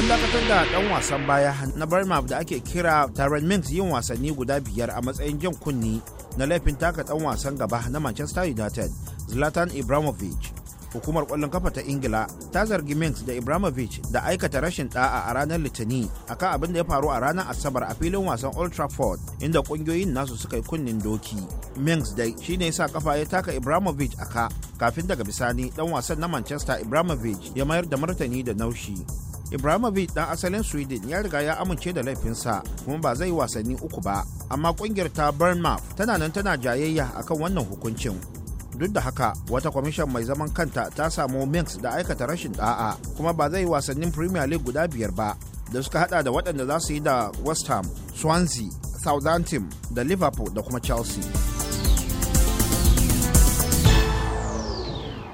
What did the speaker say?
an dakatar da dan wasan baya na barma da ake kira Tyrone Mings yin wasanni guda biyar a matsayin jan kunni na laifin taka dan wasan gaba na Manchester United Zlatan Ibrahimovic. Hukumar kwallon kafa ta Ingila ta zargi Minks da Ibrahimovic da aikata rashin da'a a ranar Litini akan abin da ya faru a ranar Asabar a filin wasan Old Trafford inda kungiyoyin nasu suka yi kunnen doki. mings dai shi ne sa kafa ya taka Ibrahimovic a ka kafin daga bisani dan wasan na Manchester Ibrahimovic ya mayar da martani da naushi. Ibrahimovic dan asalin Sweden ya riga ya amince da laifinsa kuma ba zai yi wasanni uku ba, amma kungiyar ta Burnmouth tana nan tana jayayya akan wannan hukuncin. Duk da haka, wata kwamishin mai zaman kanta ta samu Minx da aikata rashin da'a kuma ba zai yi wasannin Premier League guda biyar ba, da suka hada da waɗanda za su yi da West Ham, Swansea, Southampton da Liverpool da kuma Chelsea.